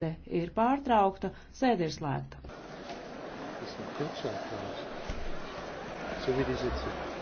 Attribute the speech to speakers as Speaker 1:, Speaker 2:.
Speaker 1: Sēde ir pārtraukta, sēde ir slēgta.
Speaker 2: Tas ir pilsētājs. So wie die sitzen.